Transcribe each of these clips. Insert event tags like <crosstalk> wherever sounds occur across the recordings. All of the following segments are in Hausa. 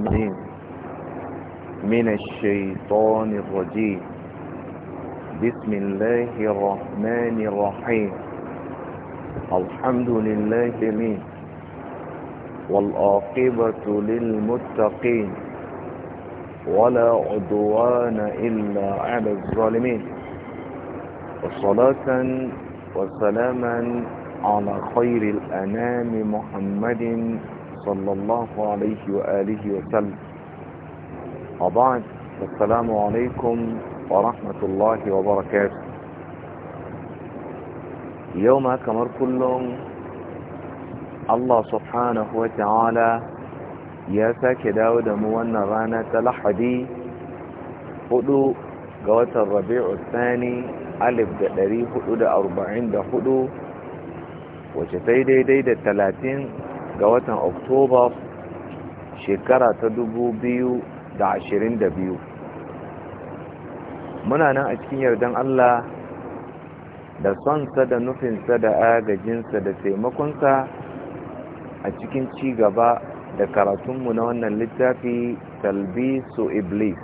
الرحيم من الشيطان الرجيم بسم الله الرحمن الرحيم الحمد لله جميل والآقبة للمتقين ولا عدوان إلا على الظالمين وصلاة وسلاما على خير الأنام محمد صلى الله عليه وآله وسلم أبعد السلام عليكم ورحمة الله وبركاته يوم كمر كلهم الله سبحانه وتعالى يا ياساك داود موانا غانا تلحدي خدو قوات الربيع الثاني ألف دقري خدو دا أربعين دا خدو وشتايدي دا تلاتين ga watan oktoba shekara ta dubu biyu da ashirin da biyu muna nan a cikin yardan allah da sonsa da nufinsa da agajinsa da taimakonsa a cikin ci gaba da karatunmu na wannan littafi talbisu iblis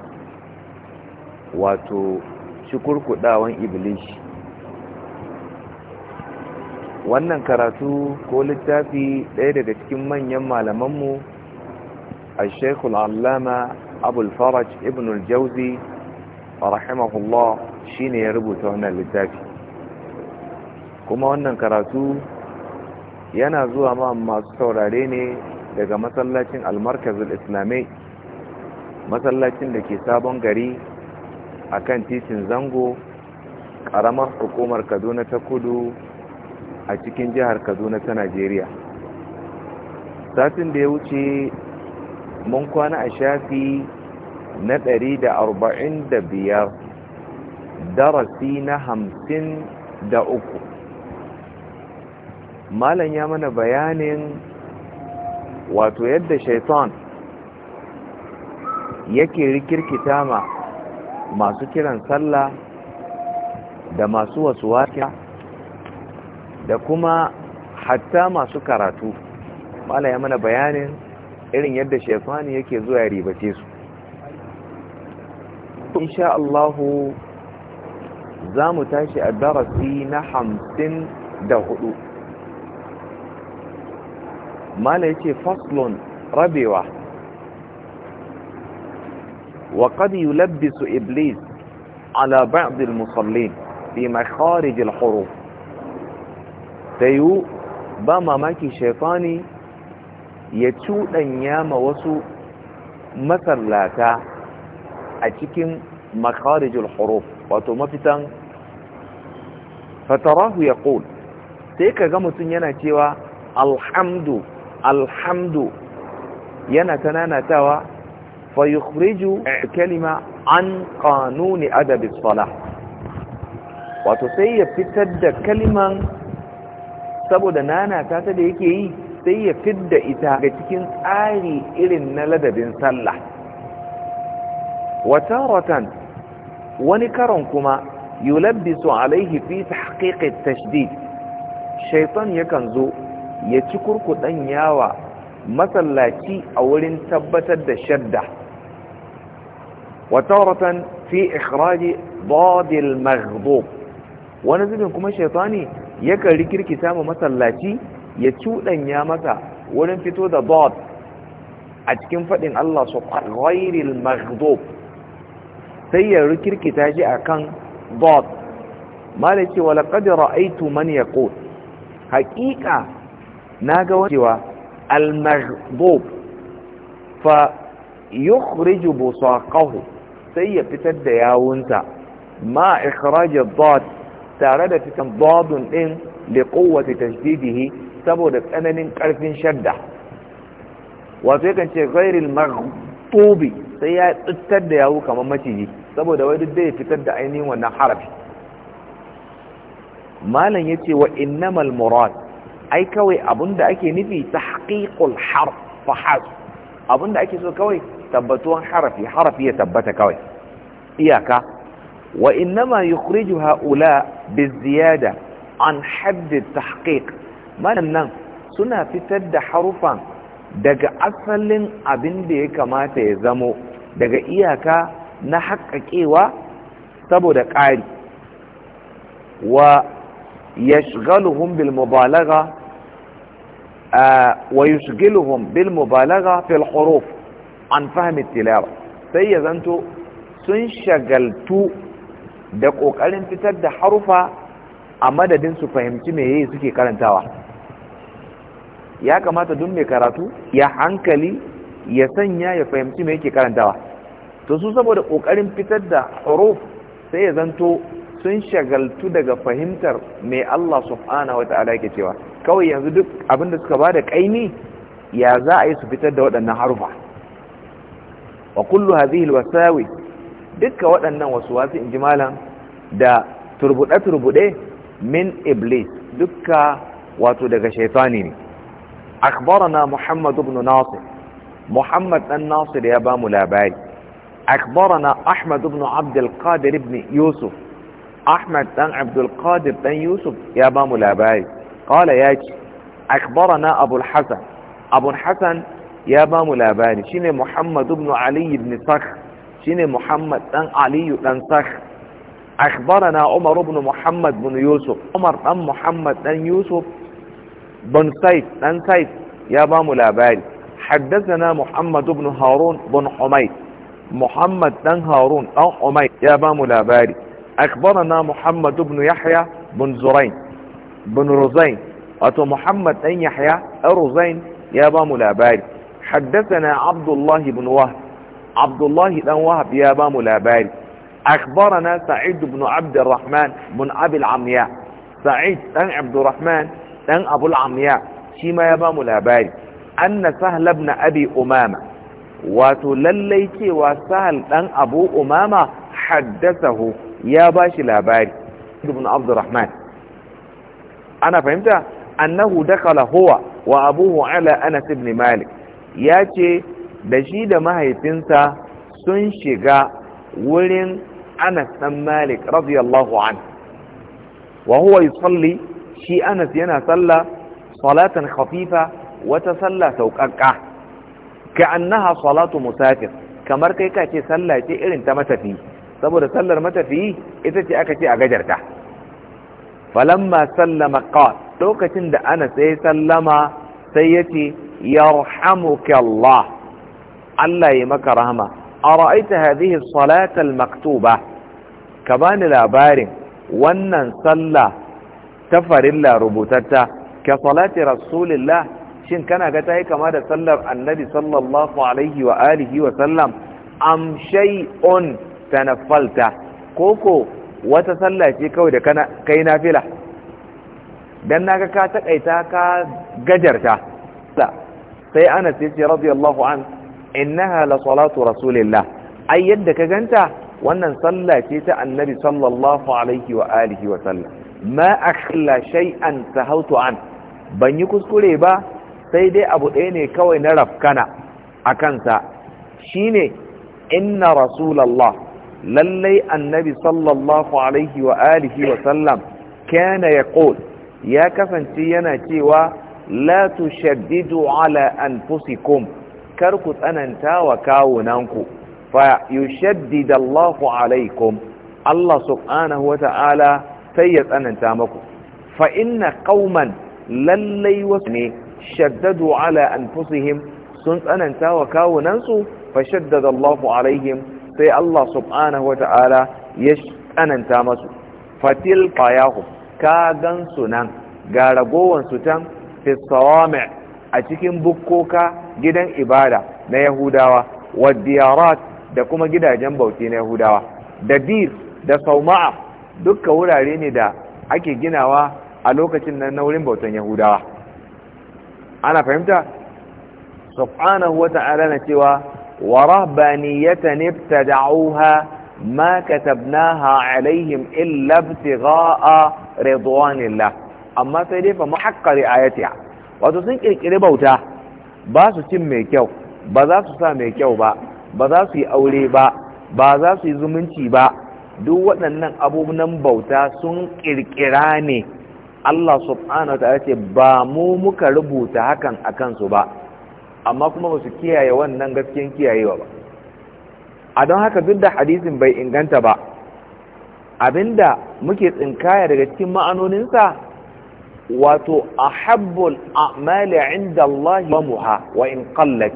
wato shi kurkudawan iblis wannan karatu ko littafi ɗaya daga cikin manyan malamanmu a shekul allama abulfaraj ibn al-jauzi rahimahullah shi ne ya rubuta wannan littafi kuma wannan karatu yana zuwa ma masu saurare ne daga masallacin almarkazul islamai masallacin da ke sabon gari a kan titin zango ƙaramar hukumar kaduna ta kudu a cikin jihar kaduna ta najeriya satin da ya wuce mun kwana a shafi na ɗari da da biyar darasi na hamsin da uku. malam ya mana bayanin wato yadda shaitan yake rikirkita ma masu kiran sallah da masu wasu wakiya da kuma hatta masu karatu mala ya mana bayanin irin yadda shaifani yake zuwa ya ribace su insha Allahu za mu tashi a darasi na hamsin da hudu mala ya ce faslon rabewa وقد يلبس إبليس على بعض المصلين في مخارج الحروف ta yiwu ba mamaki shaifani ya cuɗanya ma wasu masallata a cikin makarijul huruf wato mafitan fatarahu ya ƙul sai ka ga mutum yana cewa alhamdu alhamdu yana tananatawa fayukhriju kalima an qanuni adabis wato sai ya fitar da kaliman saboda nana ta ta da yake yi sai ya fidda ita ga cikin tsari irin na ladabin sallah wata rotan wani karon kuma yulabbisu alaihi fi tahqiqi tashdid shaytan yakan zo ya ci kurkudan yawa masallaci a wurin tabbatar da shadda wata fi ikhraji dadil maghdub wani zubin kuma shaytani yakan rikirkita ma masallaci ya cuɗanya masa wurin fito da dot a cikin faɗin Allah su ƙwairil maghdub sai ya rikirkita shi a kan dot malaki wa laqad ra'aytu man yaqul haqiqa naga wacewa al maghdub fa yukhriju sai ya fitar da yawunta ma ikhraj ad tare da fitan dadun din da kowace tashdidihi saboda tsananin karfin shadda wato yakan ce ghairil maghdubi sai ya tsittar da yawo kamar maciji saboda wai duk ya fitar da ainihin wannan harafi malam yace wa innamal murad ai kawai abinda ake nufi tahqiqul harf fahas abinda ake so kawai tabbatuwan harafi harafi ya tabbata kawai iyaka وإنما يخرج هؤلاء بالزيادة عن حد التحقيق مالنا سنة فتد حرفا دق أصل أبن دي كما تيزمو دق إياكا نحقق إيوا سبو دق عالي ويشغلهم بالمبالغة آه ويشغلهم بالمبالغة في الحروف عن فهم التلاوة سيزنتو سنشغلتو da ƙoƙarin fitar da harufa a madadin su fahimci me meye suke karantawa ya kamata duk mai karatu ya hankali ya sanya ya fahimci me yake karantawa to su saboda ƙoƙarin fitar da huruf sai ya zanto sun shagaltu daga fahimtar mai Allah subhanahu wata'ala yake cewa kawai yanzu duk abin da suka bada kaini ya za a yi su fitar da waɗannan harufa wa kullu hadhihi alwasawi Dukka waɗannan wasu wasu in ji malam da turbuɗe-turbuɗe min iblis dukka wato daga shaitani ne na muhammad ibn nasir muhammad ɗan nasir ya ba mu labari Akbara ahmad ibn abdulkadir ibn yusuf ahmad ɗan abdulkadir ɗan yusuf ya ba mu labari ƙala ya ce akbarana abul hassan abul hassan ya ba mu labari shine muhammad ibn ali ibn sakh شيني محمد بن علي بن سخ أخبرنا عمر بن محمد بن يوسف عمر بن محمد بن يوسف بن سيد بن سيد يا بام الأباري حدثنا محمد بن هارون بن حميد محمد بن هارون أو حميد يا بام الأباري أخبرنا محمد بن يحيى بن زرين بن رزين أتو محمد بن يحيى الرزين يا بام الأباري حدثنا عبد الله بن وهب عبد الله بن وهب يا بام الاباري اخبرنا سعيد بن عبد الرحمن بن ابي العمياء سعيد بن عبد الرحمن بن ابو العمياء شيما يا بام الاباري ان سهل بن ابي امامه وتللي وسهل بن ابو امامه حدثه يا باشي الاباري بن عبد الرحمن انا فهمت انه دخل هو وابوه على انس بن مالك ياتي da shi da mahaifinsa sun shiga wurin anas ɗan malik radiyallahu an wa huwa yusalli shi anas yana sallah salatan khafifa wata salla sauƙaƙa ka annaha salatu musafir kamar kai ka ce sallah ce irin ta matafi saboda sallar matafi ita ce aka ce a gajarta falamma sallama qal lokacin da anas ya sallama sai yace yarhamukallah Allah ya maka rahama a ra'aita salata salatal maktuba ka bani labarin wannan sallah ta farilla rubutatta ka salati rasulillah shin kana ga tayi kama da sallar annabi sallallahu alaihi wa alihi wa sallam am shay'un tanaffalta koko wata sallah ce kawai da kana kai nafila dan naga ka takaita ka gajarta sai ana yace radiyallahu anhu innaha la salatu rasulillah ai yadda ka ganta wannan sallah ce ta annabi sallallahu alaihi wa alihi wa sallam ma akhla shay'an tahawtu an ban yi kuskure ba sai dai abu ɗaya ne kawai na rafkana a kansa shine inna rasulallah lallai annabi sallallahu alaihi wa alihi wa sallam kana yaqul ya kasance yana cewa la tushaddidu ala anfusikum kar ku tsananta wa kawunanku fa yushaddid alaikum Allah subhanahu wata'ala sai ya tsananta maku fa inna qauman lallai wasu ne shaddadu ala anfusihim sun tsananta wa kawunansu fa shaddada alaihim sai Allah subhanahu wata'ala ya tsananta masu fatil qayahu ka gansu nan ga ragowan su tan fi a cikin bukkoka gidan ibada na yahudawa wa diyarat da kuma gidajen bauti na yahudawa da da sauma'a dukka wurare ne da ake ginawa a lokacin nan na wurin bautan yahudawa ana fahimta subhanahu wa ta'ala na cewa wa rahbaniyatan ibtada'uha ma katabnaha alaihim illa ibtigha'a ridwanillah amma sai dai fa muhaqqari ayatiha wato sun kirkiri bauta ba su cin mai kyau ba za su sa mai kyau ba ba za su yi aure ba ba za su yi zumunci ba duk waɗannan abubuwan bauta sun ƙirƙira ne Allah subhanahu wa ta'ala ce ba mu muka rubuta hakan a kansu ba amma kuma ba su kiyaye wannan gaskiyan kiyayewa ba a don haka duk da hadisin bai inganta ba abinda muke tsinkaya daga cikin ma'anoninsa wato ahabbul a'mali inda Allah mamuha wa in qallat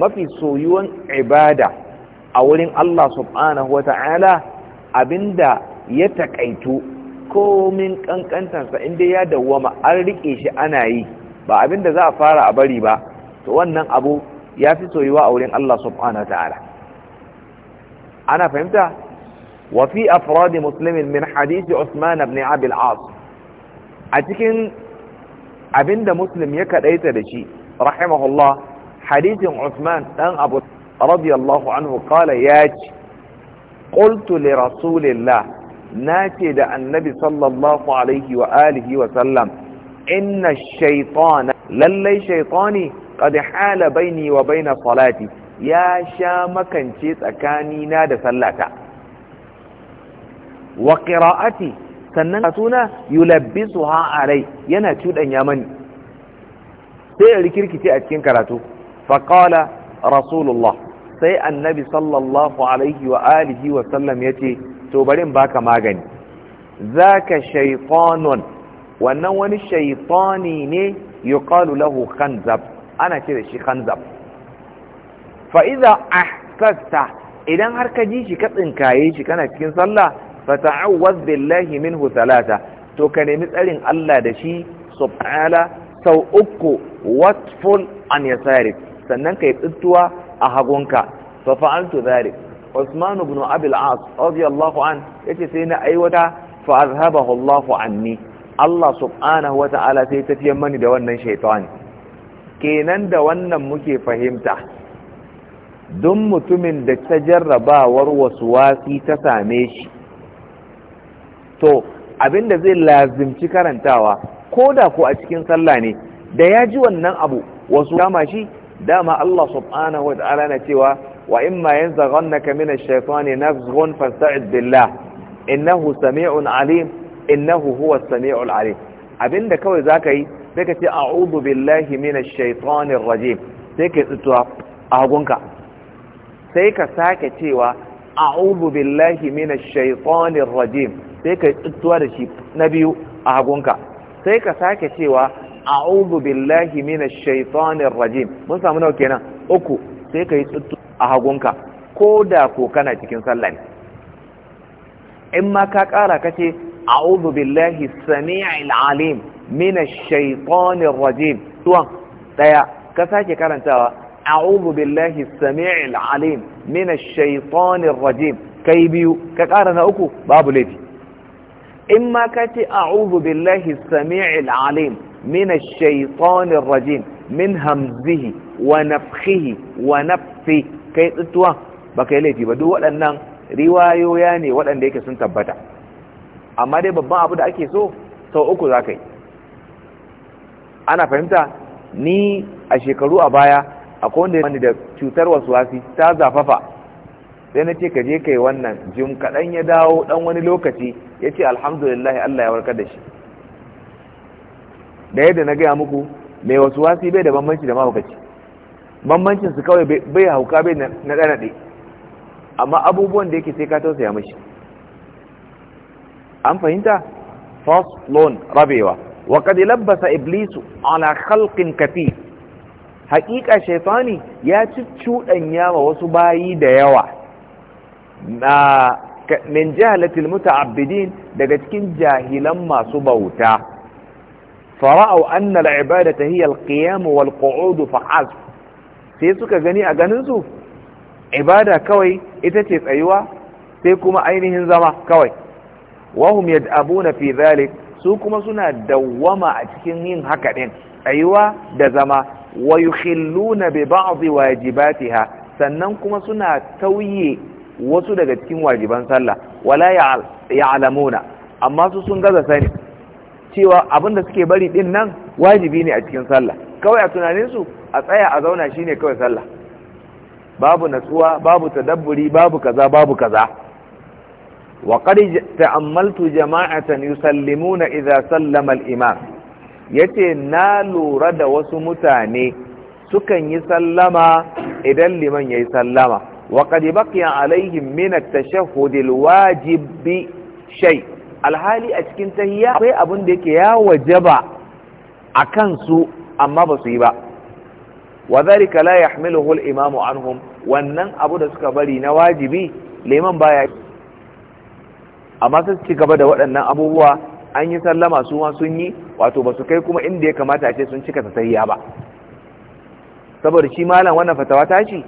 mafi soyuwan ibada a wurin Allah subhanahu wa ta'ala abinda ya takaitu komin kankantansa inda ya dawwama an rike shi ana yi ba abinda za a fara a bari ba to wannan abu ya fi soyuwa a wurin Allah subhanahu wa ta'ala ana fahimta wa fi afradi muslimin min hadisi Usman ibn Abi al-As a cikin abinda muslim ya kadaita da shi rahimahullah hadisin Uthman dan Abu radiyallahu anhu kala ya ce qultu li rasulillah nace da annabi sallallahu alaihi wa alihi wa sallam inna shaytana lallai shaytani qad hala baini wa baina salati ya sha makance tsakanina da sallata wa qira'ati sannan katuna yulabbisu ha rai, yana cuɗanya mani sai ya rikirkice a cikin karatu faƙala rasulullah sai annabi sallallahu alaihi wa alihi wa sallam ya ce to barin baka magani zaka shaytanun wannan wani shaifani ne yuqalu lahu khanzab ana ce da shi khanzab fa idza idan har ka ji shi ka tsinkaye shi kana cikin sallah fata'awwaz billahi minhu thalatha to ka nemi tsarin Allah da shi subhana sau uku watful an yasari sannan kai tsintuwa a hagunka fa fa'altu dhalik Usman ibn Abi al-As radiyallahu an yace sai na aiwata fa azhabahu Allahu anni Allah subhanahu wata'ala sai tafiyar mani da wannan shaitan. kenan da wannan muke fahimta don mutumin da ta jarrabawar wasu wasi ta same shi to abinda zai lazimci karantawa ko da ko a cikin sallah ne da ya ji wannan abu wasu dama shi dama Allah subhanahu wa ta'ala na cewa wa imma yanzaghannaka min ash-shaytani nazghun fasta'id billah innahu sami'un alim innahu huwa as-sami'ul alim abinda kawai zaka yi sai ka ce a'udhu billahi min ash-shaytanir rajim sai ka tsutuwa a hagunka sai ka sake cewa a'udhu billahi min ash-shaytanir rajim sai ka tsuwa da shi na biyu a hagunka sai ka sake cewa a'udhu billahi minash shaitanir rajim mun samu nawa kenan uku sai ka yi tsuttu a hagunka ko da ko kana cikin sallah ne in ma ka kara kace a'udhu billahi samii'il alim minash shaitanir rajim tuwan daya ka sake karantawa a'udhu billahi samii'il alim minash shaitanir rajim kai biyu ka ƙara na uku babu laifi in ma ka ce a'udhu billahi sami alim min ash rajim min hamzihi wa nafthihi wa nafi kai tsituwa ba kai laifi ba duk waɗannan riwayoya ne waɗanda yake sun tabbata amma dai babban abu da ake so sau uku za ka yi ana fahimta ni a shekaru a baya akwai wanda da cutar wasu wasi ta zafafa sai na ce ka je kai wannan jim kaɗan ya dawo ɗan wani lokaci ya ce alhamdulillah Allah ya warkar da shi da yadda na gaya muku mai wasu wasi bai da bambanci da mahaukaci bambancin su kawai bai hauka bai na ɗanaɗe amma abubuwan da yake sai ka tausaya mashi an fahimta first loan rabewa wa kad labbasa iblisu ala khalqin kafi haƙiƙa shaytani ya ci cuɗanya wa wasu bayi da yawa na min jahalatil muta'abbidin daga cikin jahilan masu bauta fara'u anna al-ibadata hiya al-qiyam wal qu'ud fa'az sai suka gani a ganin su ibada kawai ita ce tsayuwa sai kuma ainihin zama kawai wahum yad'abuna fi dhalik su kuma suna dawwama a cikin yin haka din tsayuwa da zama wa yukhilluna bi ba'd wajibatiha sannan kuma suna tauye wasu daga cikin wajiban sallah wala ya'lamuna amma su sun gaza sani cewa abinda suke bari din nan wajibi ne a cikin sallah kawai a tunanin su a tsaya a zauna shine kawai sallah babu natsuwa babu tadabburi babu kaza babu kaza wa qad ta'ammaltu jama'atan yusallimuna idza sallama al-imam yace na lura da wasu mutane sukan yi sallama idan liman yayi sallama وقد بقي عليهم من التشهد الواجب شيء alhali a cikin tahiyya akwai abin da yake ya wajaba a kansu amma ba su yi ba wa zalika la yahmiluhu al-imam anhum wannan abu da suka bari na wajibi liman baya amma sai ci gaba da waɗannan abubuwa an yi sallama su ma sun yi wato ba su kai kuma inda ya kamata a ce sun cika ta tahiyya ba saboda shi malam wannan fatawa ta ce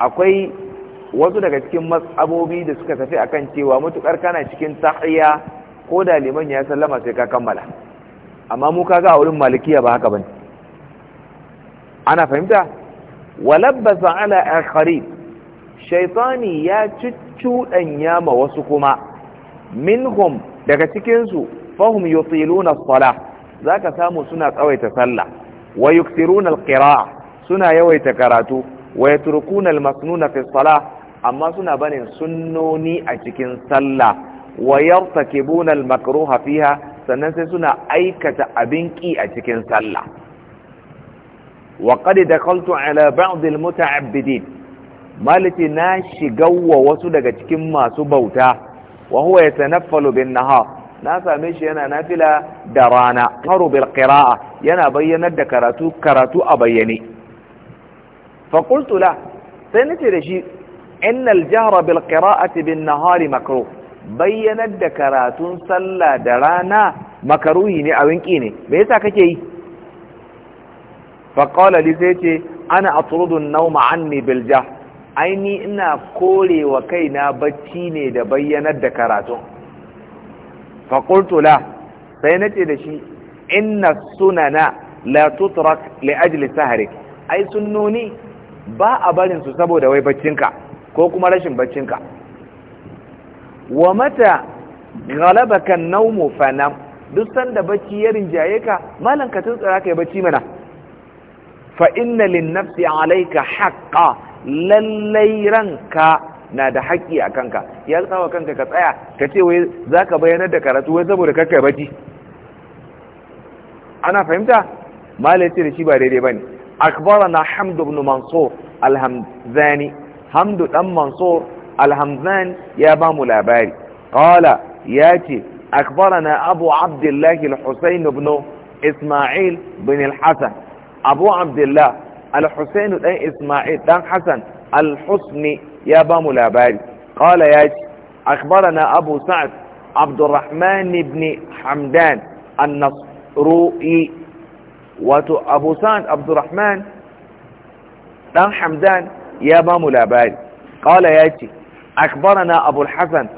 akwai wasu daga cikin matsabobi da suka tafi a kan cewa matuƙar kana cikin tahiyya ko da liman ya sallama sai ka kammala amma mu kaga a wurin malikiya ba haka bane ana fahimta walabbasa ala akhari shaytani ya cuccudan ma wasu kuma minhum daga cikin su fahum yutiluna salah zaka samu suna tsawaita sallah wa yukthiruna al suna yawaita karatu wa yatrukuna al-masnuna fi salah amma suna barin sunnoni a cikin sallah wa yartakibuna al-makruha fiha sannan sai suna aikata abin ki a cikin sallah wa qad dakhaltu ala ba'd al-muta'abbidin malati na wa wasu daga cikin masu bauta wa huwa yatanaffalu bin nahar na same shi yana nafila da rana haru bil qira'a yana bayyanar da karatu karatu a bayyane فقلت له سنتي رشي إن الجهر بالقراءة بالنهار مكروه bayyanar da karatun sallah da rana makaruhi ne a winki ne me yasa kake yi faƙala li sai ce ana atrudun nauma anni bil jah aini ina korewa kaina bacci ne da bayyanar da karatun faƙultu la sai nace da shi inna sunana la tutrak li ajli sahrik ai sunnoni ba a barin su saboda wai baccinka ko kuma rashin baccinka wa mata galabaka naumu fanam duk sanda bacci ya rinjaye ka malan ka tuntsara kai bacci mana fa inna lin nafsi alayka haqqan lallai ranka na da haƙƙi a kanka ya tsawa kanka ka tsaya ka ce wai za ka bayanar da karatu wai saboda kakka bacci ana fahimta ya ce da shi ba daidai bane أخبرنا حمد بن منصور الهمذاني حمد بن منصور الهمذاني يا بام الأباري قال ياتي أخبرنا أبو عبد الله الحسين بن إسماعيل بن الحسن أبو عبد الله الحسين بن إسماعيل بن حسن الحسني يا بام الأباري قال ياتي أخبرنا أبو سعد عبد الرحمن بن حمدان النصروي wato abu sa'ad abdurrahman dan hamdan ya ba mu labari kawala ya ce akbarana abul hassan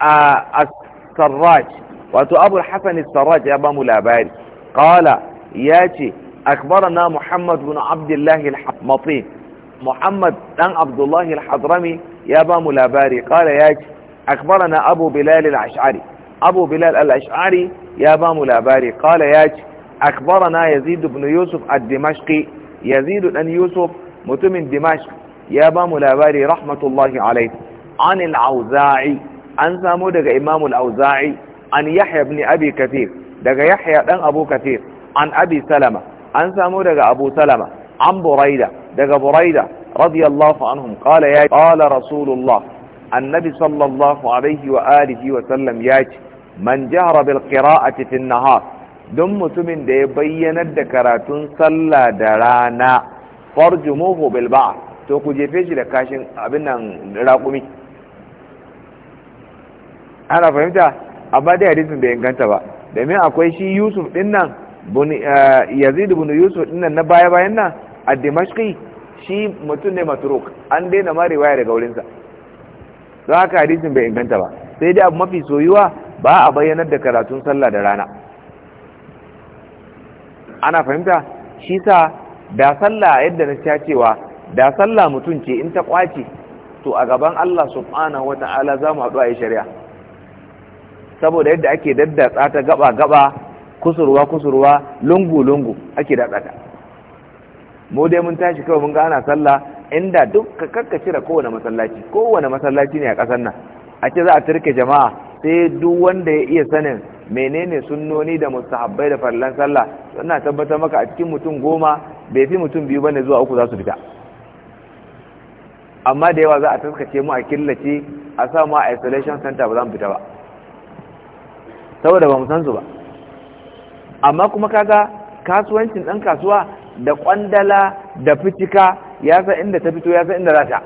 a sarraj wato abul hassan sarraj ya ba mu labari kawala ya ce akbarana muhammad bin abdullahi al-matin muhammad dan abdullahi al-hadrami ya ba mu labari kawala ya ce akbarana abu bilal al-ash'ari abu bilal al-ash'ari ya ba mu labari kawala ya ce أخبرنا يزيد بن يوسف الدمشقي يزيد بن يوسف متم دمشق يا بام الأباري رحمة الله عليه عن العوزاعي أن سامودك إمام الأوزاعي عن يحيى بن أبي كثير دق يحيى بن أبو كثير عن أبي سلمة أن سامودك أبو سلمة عن بريدة دق بريدة رضي الله عنهم قال يا قال رسول الله النبي صلى الله عليه وآله وسلم ياج من جهر بالقراءة في النهار don mutumin da ya bayyanar da karatun sallah da rana farjumuhu bil bilba, to ku jefe shi da kashin abin nan raƙumi ana fahimta amma dai hadisin bai inganta ba domin akwai shi yusuf din nan eh, yazid bin yusuf din nan na baya bayan nan a dimashki shi mutum ne matruk an daina ma riwaya daga wurinsa don haka hadisin bai inganta ba sai dai abu mafi soyuwa ba a bayyanar da karatun sallah da rana ana fahimta shi sa da sallah yadda na sha cewa da sallah mutum ce in ta kwace to a gaban Allah subhanahu wata'ala za mu haɗu a yi shari'a saboda yadda ake daddatsa ta gaba gaba kusurwa kusurwa lungu lungu ake da ta mu dai mun tashi kawai mun ga ana sallah inda duk ka cire kowane masallaci kowane masallaci ne a ƙasar nan a ce za a turke jama'a sai duk wanda ya iya sanin menene sunnoni da mustahabbai da farlan sallah suna tabbatar maka a cikin mutum goma bai fi mutum biyu bane zuwa uku za su fita amma da yawa za a taskace mu a killace a sa mu a isolation center ba za mu fita ba saboda ba mu san su ba amma kuma kaga kasuwancin ɗan kasuwa da kwandala da fitika ya san inda ta fito ya san inda za ta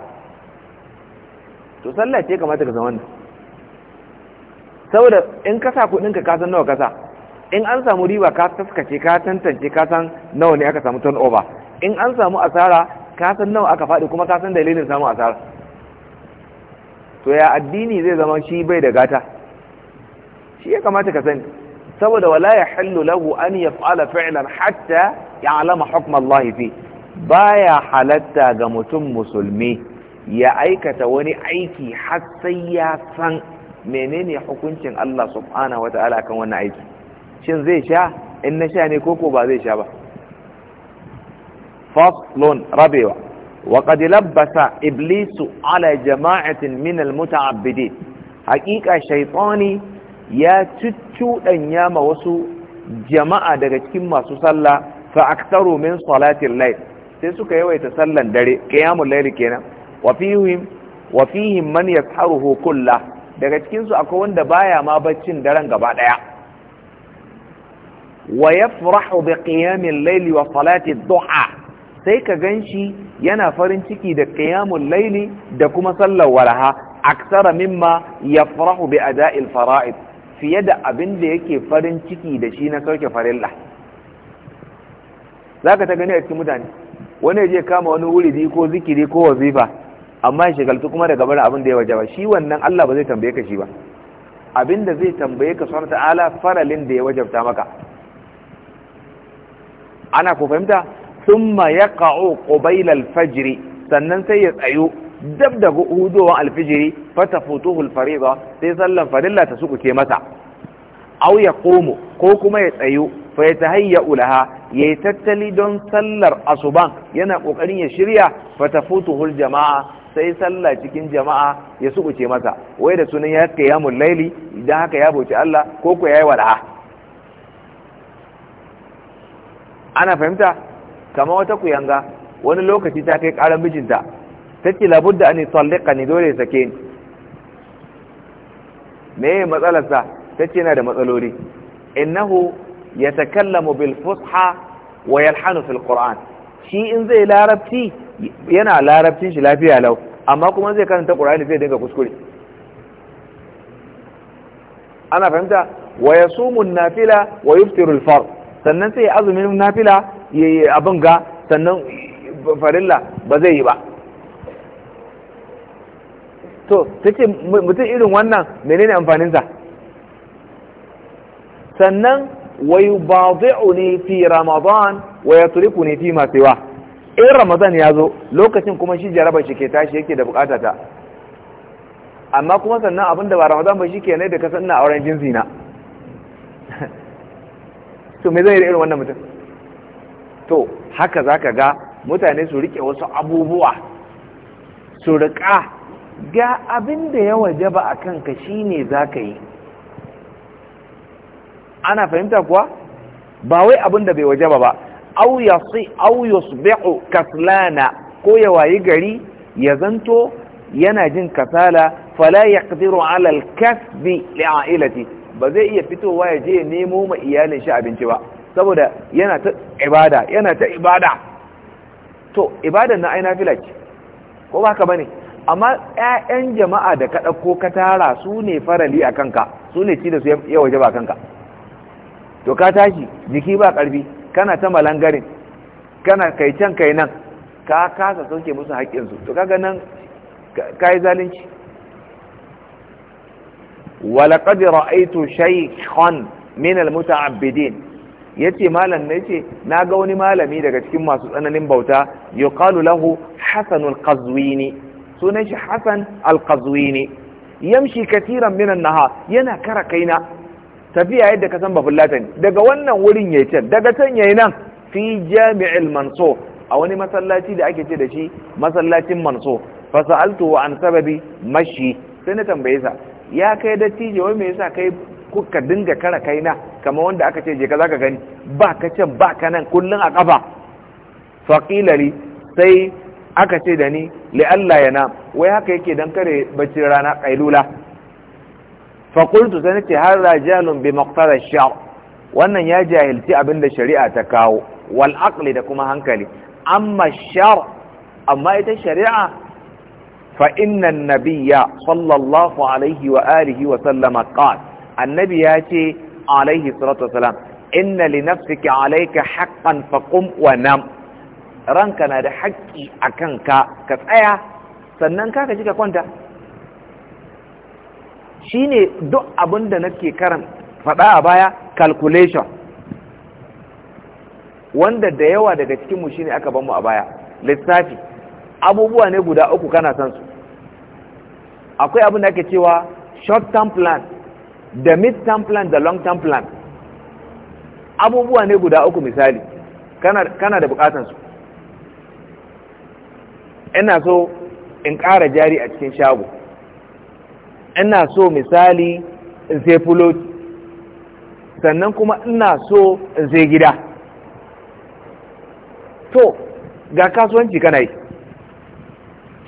to sallah ce kamata ka zama wannan saboda in ka sa kuɗinka ka san nawa ka in an samu riba ka taskace ka tantance ka san nawa ne aka samu turnover in an samu asara ka san nawa aka faɗi kuma ka san dalilin samu asara to ya addini zai zama shi bai da gata shi ya kamata ka sani saboda wala ya hallu lahu an ya fa'ala fi'lan hatta ya'lama hukm Allah fi baya halatta ga mutum musulmi ya aikata wani aiki har sai ya san menene hukuncin Allah subhanahu wata'ala kan wannan aiki shin zai sha in na sha ne koko ba zai sha ba faslun rabewa wa qad labbasa iblisu ala jama'atin min almuta'abbidin haqiqa shaytani ya cuccuɗanya ma wasu jama'a daga cikin masu sallah fa aktaru min salatin layl sai suka yawaita sallan dare qiyamul layl kenan wa fihim wa fihim man yasharuhu daga cikinsu akwai wanda baya ma baccin daren gaba ɗaya wa yafrahu bi qiyamil layli wa salati duha sai ka ganshi yana farin ciki da qiyamul layli da kuma sallar walaha aksara mimma yafrahu bi ada'il fara'id fiye da abin da yake farin ciki da shi na sauke farilla zaka ta gani a cikin mutane wani ya je kama wani wuri ko zikiri ko wazifa amma ya shagaltu kuma daga barin abin da ya waje ba shi wannan Allah ba zai tambaye ka shi ba abin da zai tambaye ka subhanahu ta'ala faralin da ya wajabta maka ana ko fahimta thumma ya qabila al alfajiri, sannan sai ya tsayo dab da hudowan alfijiri fata fatafutuhu hulfari ba, sai sallan farilla ta ke masa aw komo, ko kuma ya tsayo fa yatahayyu ya yayi tattali don sallar asuban yana ƙoƙarin ya shirya fatafutuhu al-jama'a sai sallah cikin jama'a ya subuce masa wai da sunan ya kai yamul laili idan haka ya bauci Allah ko ko yayi wada'a ana fahimta kamar wata kuyanga wani lokaci ta kai karan mijinta tace labudda an yusallika ni dole sake ni me matsalarsa tace yana da matsaloli innahu yatakallamu bil fusha wa yalhanu fil qur'an shi in zai larabci yana larabcin shi lafiya lau amma kuma zai karanta ƙura'ani zai dinga kuskure ana fahimta wa sumun nafila wa yuftiru far, sannan sai azumin nafila yi abin ga sannan farilla ba zai yi ba to ce mutum irin wannan menene amfanin sa sannan wa ne fi ramadan wa ne fi ma in ramadan ya zo lokacin kuma shi jarabar shi ke tashi yake da bukata ta amma kuma sannan abin da ba ramadan ba shi ke ne da kasan na auren jinsi na <laughs> to me zai yi irin wannan mutum to haka za ka ga mutane su rike wasu abubuwa su rika ga abin da ya waje ba a kanka shi ne za ka yi ana fahimta kuwa ba wai abin da bai waje ba ba au yusbihu kaslana ko ya wayi gari ya zanto yana jin kasala fala yaqdiru ala al-kasbi li'ailati ba zai iya fitowa ya je nemo ma iyalin shi abinci ba saboda yana ta ibada yana ta ibada to ibada na aina filaci ko ba ka bane amma 'ya'yan jama'a da ka ɗauko ka tara su ne farali a kanka su ne ci da su ya waje ba kanka to ka tashi jiki ba ƙarfi kana ta malangarin kana kai can kai nan ka kasa sauke musu haƙƙinsu to kaga nan ka yi zalunci walaƙad ra'aitu shaykhan min almuta'abbidin yace malam ne yace naga wani malami daga cikin masu tsananin bauta yuqalu lahu hasan alqazwini sunan shi hasan yamshi katiran minan naha yana kara kaina tafiya yadda ka san babin latin daga wannan wurin ya can daga can yayi nan fi jami'il manso a wani masallaci da ake ce da shi masallacin manso fa sa'altu an sababi mashi sai na tambaye sa ya kai dattijo wai me yasa kai kuka dinga kara kaina kamar wanda aka ce je ka zaka gani ba ka can ba ka nan kullum a kafa fa sai aka ce da ni li allah yana wai haka yake dan kare bacci rana kailula fakultu sai nace har rajalun bi maqtara shar wannan ya jahilci abinda shari'a ta kawo wal aqli da kuma hankali amma shar amma ita shari'a fa inna nabiyya sallallahu alaihi wa alihi wa sallama qala annabi ya ce alaihi salatu wasalam inna li nafsika alayka haqqan faqum wa nam ranka na da haƙƙi akan ka ka tsaya sannan ka ka ka kwanta Shi ne duk abin da nake karan faɗa a baya calculation wanda da yawa daga cikinmu ne aka banmu a baya lissafi abubuwa ne guda uku kana san su akwai abin da ake cewa short term plan da mid term plan da long term plan abubuwa ne guda uku misali kana da bukatan su ina so in ƙara jari a cikin shago ina so misali in sai fuloti sannan kuma ina so in sai gida to ga kasuwanci kana yi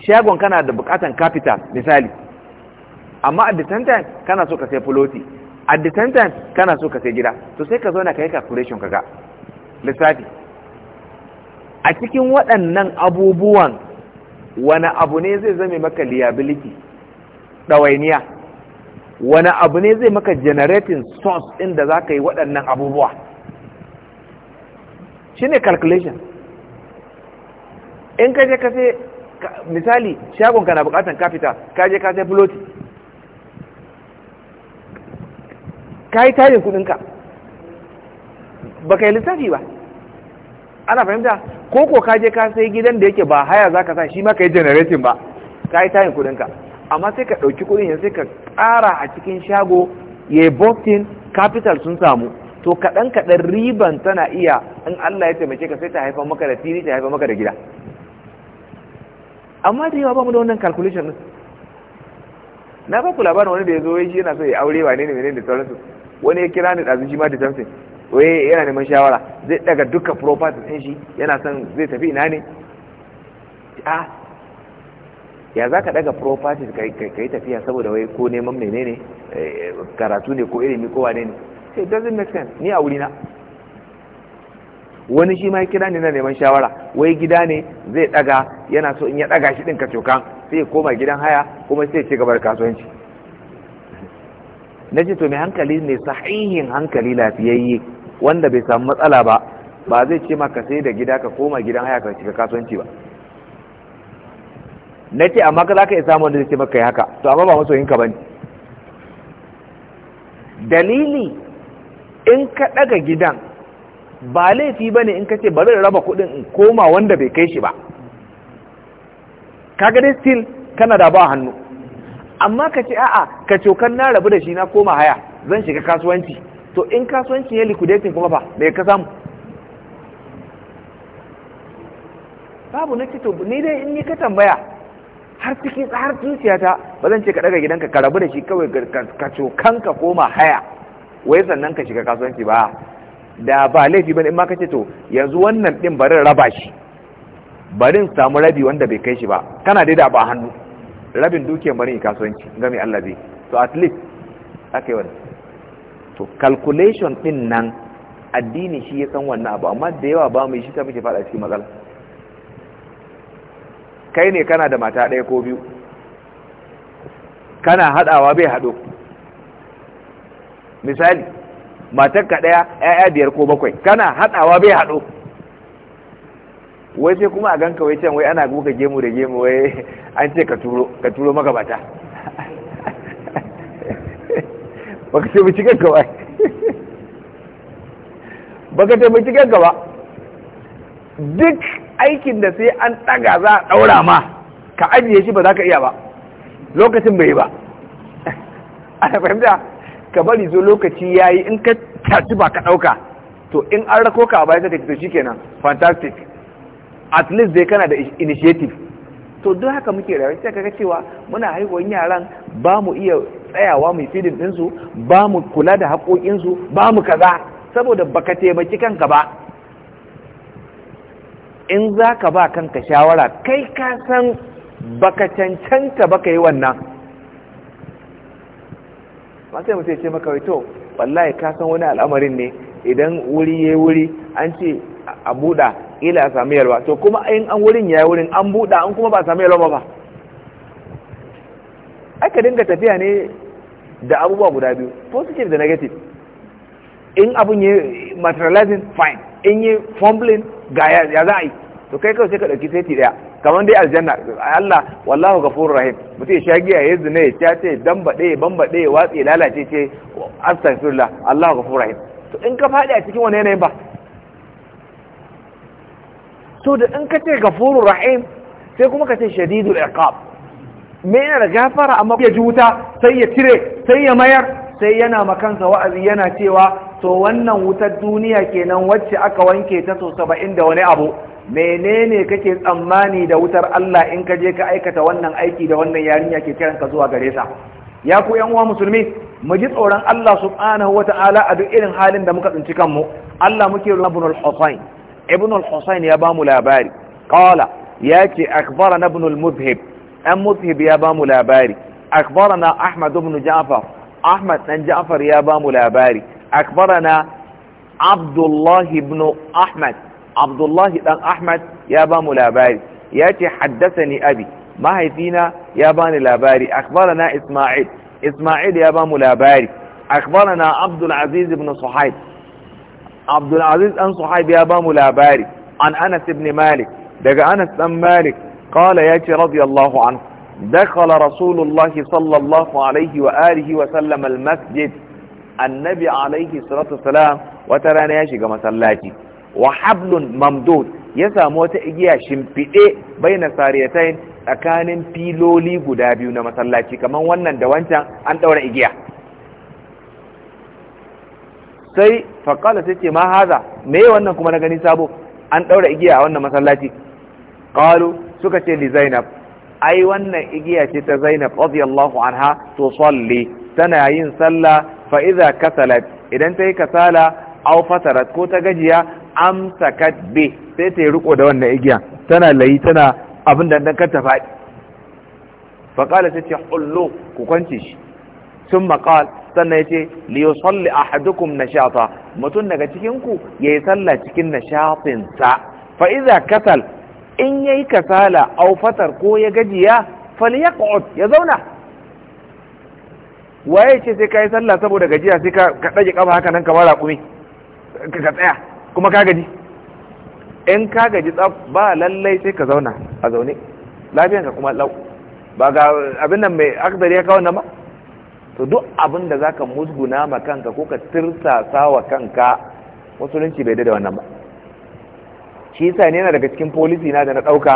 shagon kana da bukatan capital misali amma at the same kana so ka sai fuloti at the kana so ka sai gida to sai ka zauna ka yi calculation kaga lissafi a cikin waɗannan abubuwan wani abu ne zai zame maka liability ɗawainiya wani abu ne zai maka generating source inda da za ka yi waɗannan abubuwa shi ne calculation in ka je ka sai misali shagonka na bukatan capital ka je ka sai floti ka yi tarin kudinka ba ka yi lissafi ba ana fahimta ko ko ka je ka sai gidan da yake ba haya za ka sa shi ma ka yi generating ba ka yi tarin kudinka amma sai ka ɗauki kuɗin ya sai ka ƙara a cikin shago ya yi boston capital sun samu to kaɗan kaɗan riban tana iya in Allah ya taimake ka sai ta haifar maka da fili ta haifar maka da gida amma da yawa ba mu da wannan calculation din na ba ku labarin wani da ya zo shi yana so ya aure wa ne ne ne da sauransu wani ya kira ni ɗazu shi ma da samsin waye yana neman shawara zai daga duka property ɗin shi yana son zai tafi ina ne ah, ya za ka daga properties ka yi tafiya saboda wai ko neman menene eh, karatu ne ko ilimi ko wane ne sai doesn't make sense ni a wuri na. wani shi ma ya kira ne na neman shawara wai gida ne zai daga yana so in ya daga shi din ka cokan sai ya koma gidan haya kuma sai ci gaba da kasuwanci na ce to mai hankali ne sahihin hankali lafiyayye wanda bai samu matsala ba ba zai ce maka sai da gida ka koma gidan haya ka shiga kasuwanci ba na ce amma ka za ka yi samun wanda zai ce maka yi haka to amma ba masoyinka ba ne dalili in ka ɗaga gidan ba laifi ba ne in ka ce bari raba kuɗin in koma wanda bai kai shi ba ka gani still kana da ba hannu amma ka ce a'a ka cokan na rabu da shi na koma haya zan shiga kasuwanci to in kasuwanci ya liquidating kuma ba da ka samu babu na to ni dai in yi ka tambaya har cikin har ta ba zan ce ka daga gidanka ka rabu da shi kawai ka cokan ka koma haya wai sannan ka shiga kasuwanci ba da ba laifi ba in ma kace to yanzu wannan din bari raba shi barin samu rabi wanda bai kai shi ba kana dai da ba hannu rabin dukiyar barin kasuwanci ga mai Allah zai to at least akai wannan to calculation din nan addini shi ya san wannan abu amma da yawa ba mu yi shi ta muke fada cikin matsala kai ne kana da mata ɗaya ko biyu kana haɗawa bai haɗo misali matarka ɗaya ‘ya'ya biyar ko bakwai kana haɗawa bai haɗo wai sai kuma a ganka wai can wai ana guga gemu da gemu wai an ce ka turo magabata <laughs> baka mu cikin gaba baka mu cikin ba duk aikin da sai an ɗaga za a ɗaura ma ka ajiye shi ba za ka iya ba lokacin bai ba <laughs> ana fahimta ka bari zo lokaci ya yi in ka caci ba ka ɗauka to in an rako ka a baya ka shi kenan, fantastic at least dai kana da initiative to duk haka muke rayuwa sai kaga cewa muna haihuwar yaran ba mu iya tsayawa mai feeding ɗinsu ba mu kula da haƙoƙinsu ba mu kaza saboda baka taimaki kanka ba in za ka ba kanka shawara kai ka san baka cancanta baka yi wannan masu yamma sai ce maka wato wallahi ka san wani al'amarin ne idan wuri ya wuri an ce a buɗa ila a sami yalwa to kuma in an wurin ya wurin an buɗa an kuma ba a sami yalwa ba aka dinga tafiya ne da abubuwa guda biyu positive da negative in abin yi materializing fine in yi fumbling ga ya za a yi to kai kawai sai ka ɗauki sai ɗaya kamar dai aljanna Allah wallahu ghafurur rahim mutum ya shagiya ya ne, ya ce dan baɗe, ban baɗe, watsi lalace ce astaghfirullah Allahu ghafurur rahim to in ka faɗi a cikin wani yanayin ba so da in ka ce ghafurur rahim sai kuma ka ce shadidul iqab me yana da gafara amma ya ji wuta sai ya cire sai ya mayar sai yana makansa wa'azi yana cewa to wannan wutar duniya kenan wacce aka wanke ta so saba'in da wani abu menene kake tsammani da wutar Allah in ka je ka aikata wannan aiki da wannan yarinya ke kiran ka zuwa gare sa ya ku yan uwa musulmi mu ji tsoron Allah subhanahu ta'ala a duk irin halin da muka tsinci kanmu Allah muke ruwa Ibn al-Husayn Ibn al-Husayn ya bamu labari qala yace akhbarana Ibn al-Mudhib an Mudhib ya bamu labari akhbarana Ahmad ibn Ja'far Ahmad ɗan Ja'far ya ba mu labari akbarana abdullahi ibn Ahmad abdullahi dan Ahmad ya ba mu labari yace ni abi mahaifina ya bani labari akbarana Isma'il Isma'il ya ba mu labari akbarana Abdul Aziz ibn Suhaib Abdul Aziz Suhaib ya ba mu labari an Anas ibn Malik daga Anas ɗan Malik kala ya ce الله anhu دخل رسول الله صلى الله عليه وآله وسلم المسجد النبي عليه الصلاة والسلام وترانا يا شيخ مسلاتي وحبل ممدود يسام وتأجيا شمفئة بين ساريتين أكان بيلولي قدابيون مسلاتي كمان وانا دوانتا أنت ولا إجيا sai faƙala sai ce ma haza me wannan kuma na gani sabo an ɗaura igiya a wannan masallaci ƙalu suka ce li zainab ai wannan igiya ce ta Zainab radiyallahu anha to salli tana yin sallah fa idza kasalat idan ta yi kasala aw fatarat ko ta gajiya amsakat bi sai ta yi riko da wannan igiya tana layi tana abin da dan kanta faɗi fa qala sai ce hullu ku kwance shi thumma qala sannan ya ce liyosalli a hadukum na shafa mutum daga cikinku ya yi sallah cikin na shafinsa fa'iza kasal in yayi kasala au fatar ko ya gajiya falyaqut ya zauna waye ce sai kai sallah saboda gajiya sai ka ka dage kafa haka nan kamar raƙumi ka tsaya kuma ka gaji in ka gaji tsaf ba lallai sai ka zauna a zaune ka kuma lau ba ga abin nan mai akdari ya kawo nan ba to duk abin da zaka musguna ma kanka ko ka tirsasa wa kanka musulunci bai da wannan ba shi yasa ne yana daga cikin policy na da na ɗauka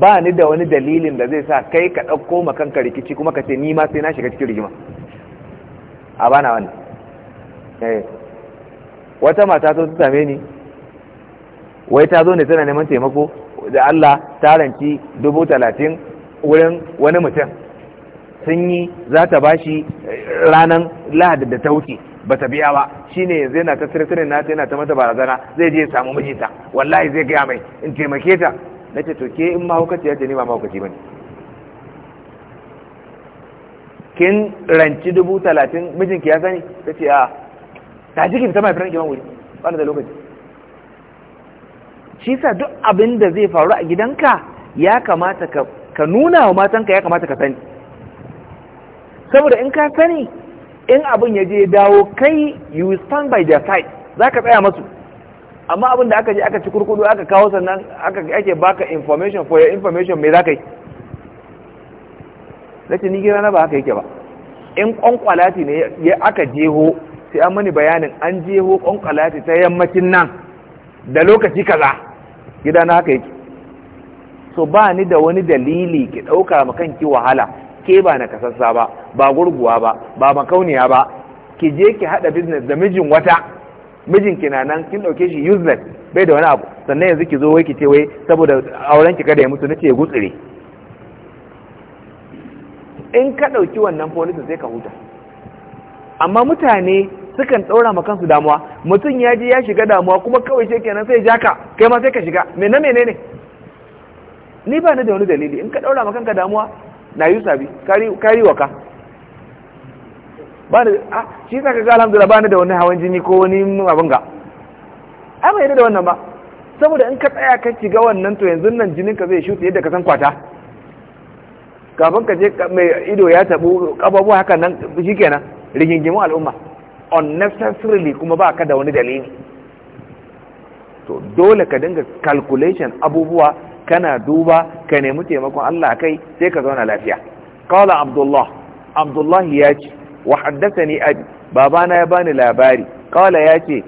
ba ni da wani dalilin da zai sa kai ka ɗauko ma kanka rikici kuma ka ce ni ma sai na shiga cikin rigima a bana wani eh. wata mata ta same ni wai ta zo ne tana neman taimako da Allah ta dubu talatin wurin wani mutum sun yi za ta bashi eh, ranar lahadi da ta wuce ba ta biya ba shine yanzu yana ta sirtirin na yana ta mata barazana zai je ya samu mijinta wallahi zai gaya mai in taimake ta na ce to ke in mahaukaci ya ce ni ba mahaukaci ba ne kin ranci dubu talatin mijinki ya sani ta ce a ta jikin ta mai firanki man wuri da lokaci shi sa duk abin da zai faru a gidanka ya kamata ka nuna wa matanka ya kamata ka sani saboda in ka sani in abin ya je dawo kai you stand by their side za ka tsaya masu amma abin da aka je aka ci kurkudu aka kawo sannan aka ake baka information for your information mai za ka yi zace ni gina na ba haka yake ba in kwankwalati ne ya aka jeho sai an mani bayanin an jeho kwankwalati ta yammacin nan da lokaci kaza gida na haka yake so ba ni da wani dalili ki ɗauka ma kanki wahala ke ba na kasassa ba ba gurguwa ba ba makauniya ba ki je ki hada business da mijin wata mijin ki nan kin dauke shi useless bai da wani abu sannan yanzu ki zo wai ki ce wai saboda auren ki kada ya mutu nace ya gutsire in ka dauki wannan policy sai ka huta amma mutane sukan ɗaura ma kansu damuwa mutum ya ji ya shiga damuwa kuma kawai shi kenan sai ja ka kai ma sai ka shiga menene ne ni ba ni da wani dalili in ka daura ma kanka damuwa na yi sabi kari waka ba da a ah, shi sa ka ga hamdula ba ni da wani hawan jini ko wani abin ga ai ba yadda da wannan ba saboda in ka tsaya ka shiga wannan to yanzu nan jinin ka zai shuta yadda ka san kwata kafin ka je mai ido ya tabu kababu haka nan kenan rigingimu al'umma unnecessarily kuma ba ka da wani dalili to dole ka dinga calculation abubuwa kana duba ka nemi taimakon Allah kai sai ka zauna lafiya qala abdullah abdullah ya ce wa haddathani abi babana ya bani labari qala ya ce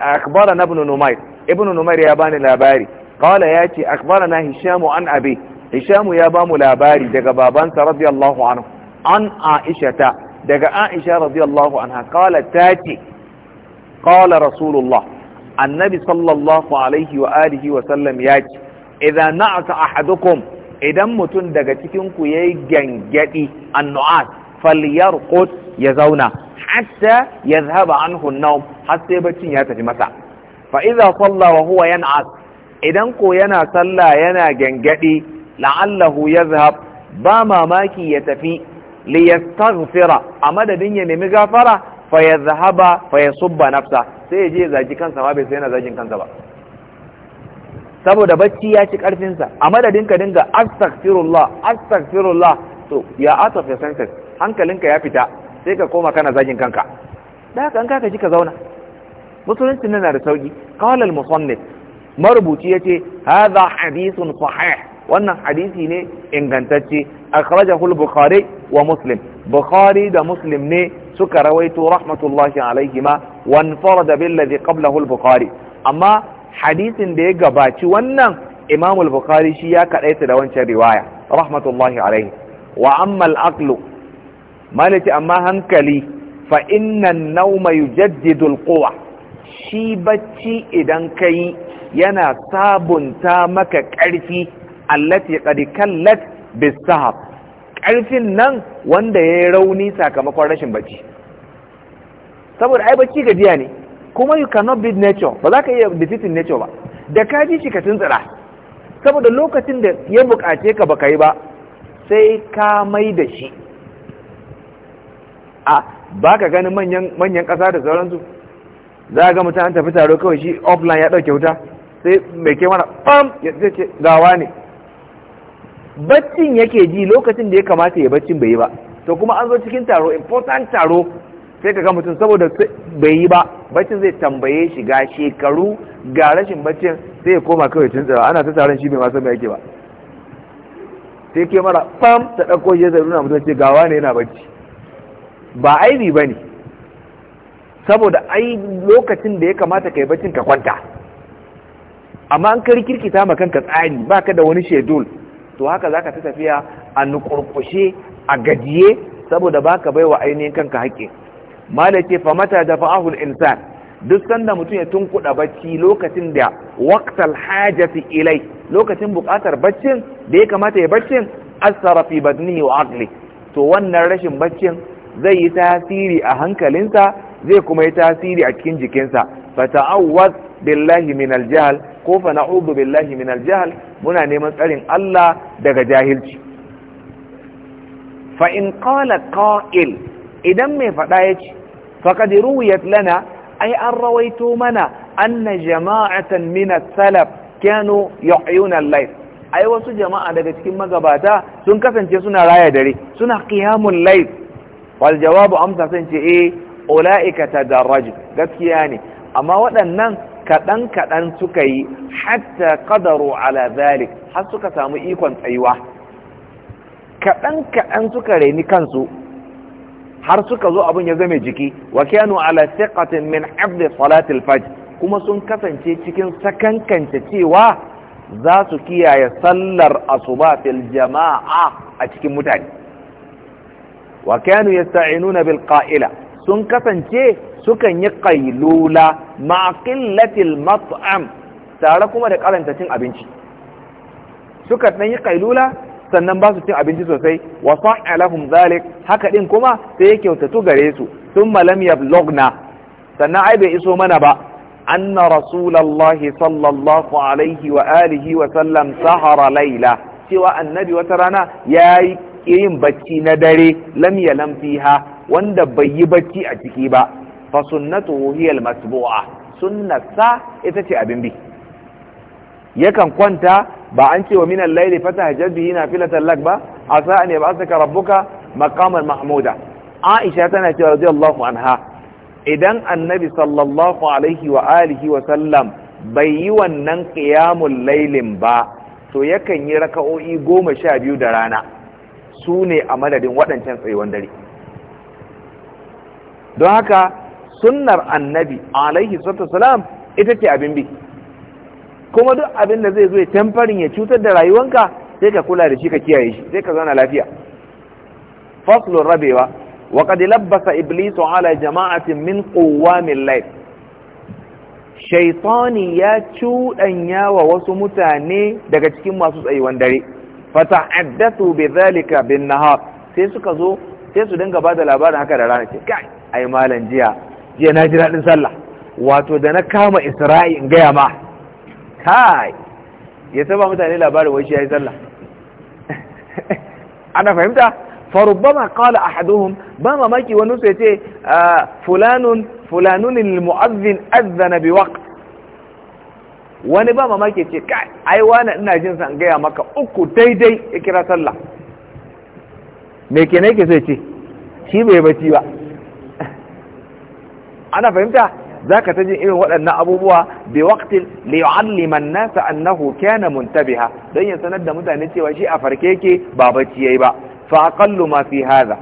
akhbarana ibn numayr ibn numayr ya bani labari qala ya ce akhbarana hisham an abi hisham ya bamu labari daga babansa radiyallahu anhu an aisha daga aisha radiyallahu anha qala ce qala rasulullah annabi sallallahu alaihi wa alihi wa sallam ya ce idza na'ata ahadukum idan mutum daga cikin ku yayi gangadi annu'at falyarqut ya zauna hatta yadhhaba anhu an-nawm har sai baccin ya tafi masa fa idza salla wa huwa idan ko yana sallah yana gangadi la'allahu yadhhab ba mamaki ya tafi liyastaghfira a madadin ya nemi gafara fa yadhhaba fa yasubba nafsa sai ya je zagi kansa ma bai sai yana zagin kansa ba saboda bacci ya ci karfinsa a madadin ka dinga astaghfirullah astaghfirullah to ya out of your senses hankalinka ya fita sai ka koma kana zagin kanka da haka an kaka ji ka zauna musulunci nan da sauki qala al musannif marubuci yace hadha hadithun sahih wannan hadisi ne ingantacce akhrajahu al-bukhari wa muslim bukhari da muslim ne suka rawaito rahmatullahi alaihima wa anfarada billadhi qablahu al-bukhari amma hadisin da ya gabaci wannan imam bukhari shi ya kaɗaita da wancan riwaya rahmatullahi alaihi wa amma al-aqlu malati amma hankali fa inna an-nawma yujaddidu al-quwa shi bacci idan kai yana sabunta maka ƙarfi allati qad kallat bis-sahab ƙarfin nan wanda yayi rauni sakamakon rashin bacci saboda ai bacci gajiya ne kuma you cannot beat nature ba za ka iya defeating nature ba da ka ji shi ka tuntsira saboda lokacin da ya bukace ka baka yi ba sai ka mai da shi a ba ka gani manyan kasa da sauransu za a ga mutum an tafi taro kawai shi offline ya ɗauke wuta sai mai ke mana bam ya ce gawa ne baccin yake ji lokacin da ya kamata ya baccin bai yi ba to kuma an zo cikin taro important taro sai ka ga mutum saboda bai yi ba baccin zai tambaye shi ga shekaru ga rashin baccin sai ya koma kawai tun tsara ana ta taron shi bai masu mai me yake ba sai ke mara fam ta ɗauko shi zai nuna mutum ce gawa ne yana bacci ba aibi ba ne saboda ai lokacin da ya kamata ka yi baccin ka kwanta amma an kari kirkita ma kanka tsari ba ka da wani shedul to haka za ka ta tafiya a nukurkushe a gajiye saboda ba ka bai wa ainihin kanka haƙƙi malake fa mata dafa'ahu al-insan duk sanda mutum ya tunkuɗa bacci lokacin da waqtal hajati ilai lokacin buƙatar baccin da ya kamata ya baccin asara fi badnihi wa aqli to wannan rashin baccin zai yi tasiri a hankalinsa zai kuma yi tasiri a cikin jikinsa fata'awwaz billahi min al ko fa na'udhu billahi min al muna neman tsarin Allah daga jahilci fa in qala qa'il idan mai faɗa ya ce faƙadiru ya lana ai an rawaito mana anna jama'atan mina salaf kyanu yuhyuna al-layl ai wasu jama'a daga cikin magabata sun kasance suna raya dare suna qiyamul layl wal jawabu amsa sun ce eh ulaika tadarraju gaskiya ne amma waɗannan kaɗan kaɗan suka yi hatta qadaru ala zalik har suka samu ikon tsayuwa kaɗan kaɗan suka reni kansu har suka zo abin ya zame jiki wa kanu ala thiqatin min abd salat al-fajr kuma sun kasance cikin sakankance cewa za su kiyaye sallar asuba fil jama'a a cikin mutane wa kanu yasta'inuna bil qa'ila sun kasance sukan yi qailula ma qillatil mat'am tare kuma da karanta cin abinci suka dan yi qailula sannan ba su cin abinci sosai wa sa'alahum zalik haka din kuma sai ya kyautatu gare su thumma lam yablogna sannan ai bai iso mana ba anna rasulullahi sallallahu alaihi wa alihi wa sallam sahara laila cewa annabi wata rana yayi yin bacci na dare lam yalam fiha wanda bai yi bacci a ciki ba fa sunnatuhu hiya al-masbu'a sunnatsa ita ce abin bi yakan kwanta ba an ce wa minan laili fata hajjar na filatan lak ba a sa'a ne ba saka rabbuka makamar mahmuda aisha tana cewa radiyallahu anha idan annabi sallallahu alaihi wa alihi wa sallam bai yi wannan qiyamul lailin ba to yakan yi raka'o'i goma sha biyu da rana su ne a madadin waɗancan tsayuwan dare don haka sunnar annabi alaihi sallallahu ita ce abin bi kuma duk abin da zai zo ya tamfarin ya cutar da rayuwanka sai ka kula da shi ka kiyaye shi sai ka zauna lafiya faslun rabewa wa qad labbasa iblisu ala jama'atin min qawamil layl shaytani ya cudanya wa wasu mutane daga cikin masu tsayuwan dare fata'addatu zalika bin nahar sai suka zo sai su dinga bada labarin haka da rana ce kai ai malam jiya jiya na ji daɗin sallah wato da na kama isra'i in gaya ma kai ya saba mutane labarin wai shi ya yi sallah <laughs> ana fahimta kawala a haduhun ba mamaki wani su yace ah, fulanun fulanun lil azana bi wani ba mamaki ce kai ai wani ina jin san gaya maka uku daidai ya kira sallah me kenan yake sai ce shi bai bacci ba <laughs> ana fahimta zaka ta jin irin waɗannan abubuwa bi waqtin li yu'allima an-nasa annahu kana muntabiha dan ya sanar da mutane cewa shi a farke yake ba bacci yayi ba fa aqallu ma fi hadha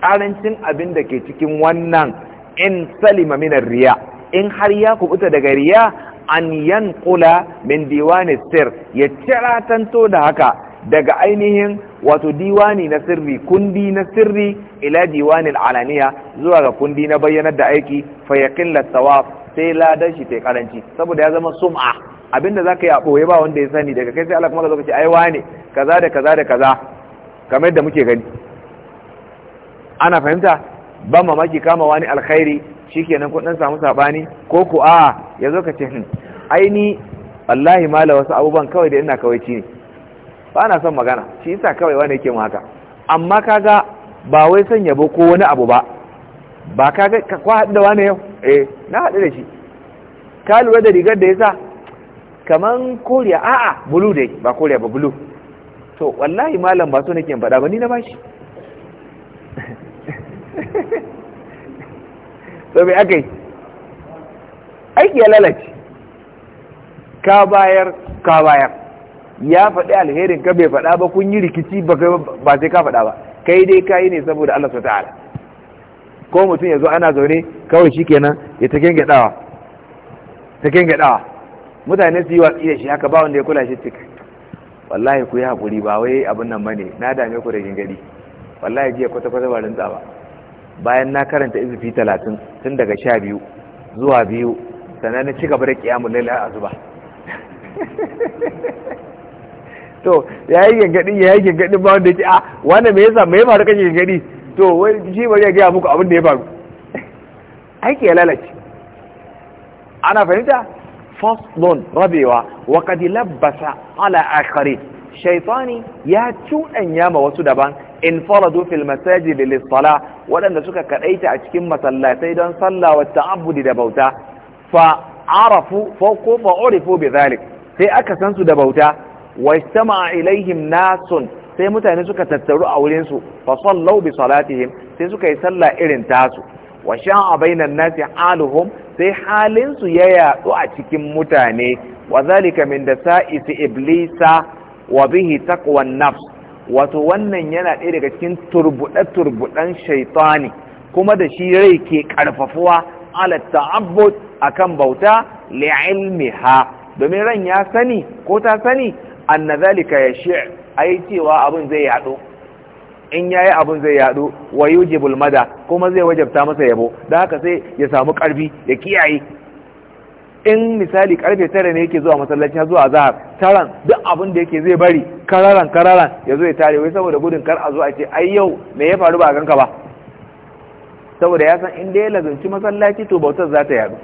karancin abin da ke cikin wannan in salima min riya in har ya kubuta daga riya an yanqula min diwani sir ya ciratanto da haka daga ainihin wato diwani na sirri kundi na sirri ila diwanin alaniya zuwa ga kundi na bayyanar da aiki fa yaqilla sai ladan shi ta karanci saboda ya zama sum'a abinda zaka yi a boye ba wanda ya sani daga kai sai Allah kuma ka zo ce ai wane kaza da kaza da kaza kamar yadda muke gani ana fahimta ban mamaki kama wani alkhairi shikenan kun dan samu sabani ko ku a yazo ka ce hmm, aini wallahi mala wasu abubuwan kawai da ina kawaici ne ba na son magana shi yasa kawai wani yake mu haka amma kaga ba wai son yabo ko wani abu ba ba kaga kwa haɗu da wani yau eh na haɗu da shi ka lura da rigar da yasa kaman koriya a'a bulu dai ba koriya ba bulu to wallahi malam ba so nake in faɗa ba ni na bashi <laughs> to me akai aiki ya lalace ka bayar ka bayar ya faɗi alherin ka bai faɗa ba kun yi rikici ba sai ka faɗa ba kai dai ka yi ne saboda Allah su ta'ala ko mutum ya zo ana zaune kawai shi kenan ya ta gengaɗawa ta gengaɗawa mutane su yi watsi da shi haka ba wanda ya kula shi cik wallahi ku yi haƙuri ba wai abin nan bane na dame ku da gingadi wallahi jiya kwata-kwata ba rintsa ba bayan na karanta izifi talatin tun daga sha biyu zuwa biyu sannan na ci gaba da kiyamun a zuba to ya yi gangadi ya yi gangadi ba wanda ya ce a ah, wanda mai yasa mai faru kan gangadi to wai shi ba zai gaya muku abin da ya faru <laughs> aiki ya lalace ana fahimta first zone rabewa wakati kad labbasa ala akhari shaifani ya cuɗanya ma wasu daban in faradu fil masajid lis sala wadanda suka kadaita a cikin masallatai don sallah wa ta'abbudi da bauta fa arafu ko fa urifu bi sai aka sansu da bauta wastama'a ilaihim nasun sai mutane suka tattaru a wurin su fa sallau bi salatihim sai suka yi sallah irin tasu wa sha'a bainan nasi aluhum sai halin su ya yadu a cikin mutane wa zalika min dasa'isi iblisa wa bihi taqwan nafs wato wannan yana ɗaya daga cikin turbuɗe-turbuɗen shaitani kuma da shi rai ke ƙarfafuwa ala ta'abbud akan bauta li'ilmiha domin ran ya sani ko ta sani anna zalika yashi' yi cewa abun zai yado in yayi abun zai yado wa mada kuma zai wajabta masa yabo dan haka sai ya samu ƙarfi ya kiyaye in misali karfe tara ne yake zuwa masallaci zuwa zahar taran duk abin da yake zai bari kararan kararan ya zo ya tare wai saboda gudun kar a zo a ce ai yau me ya faru ba ganka ba saboda ya san inda ya lazanci masallaci to bautar za ta yadu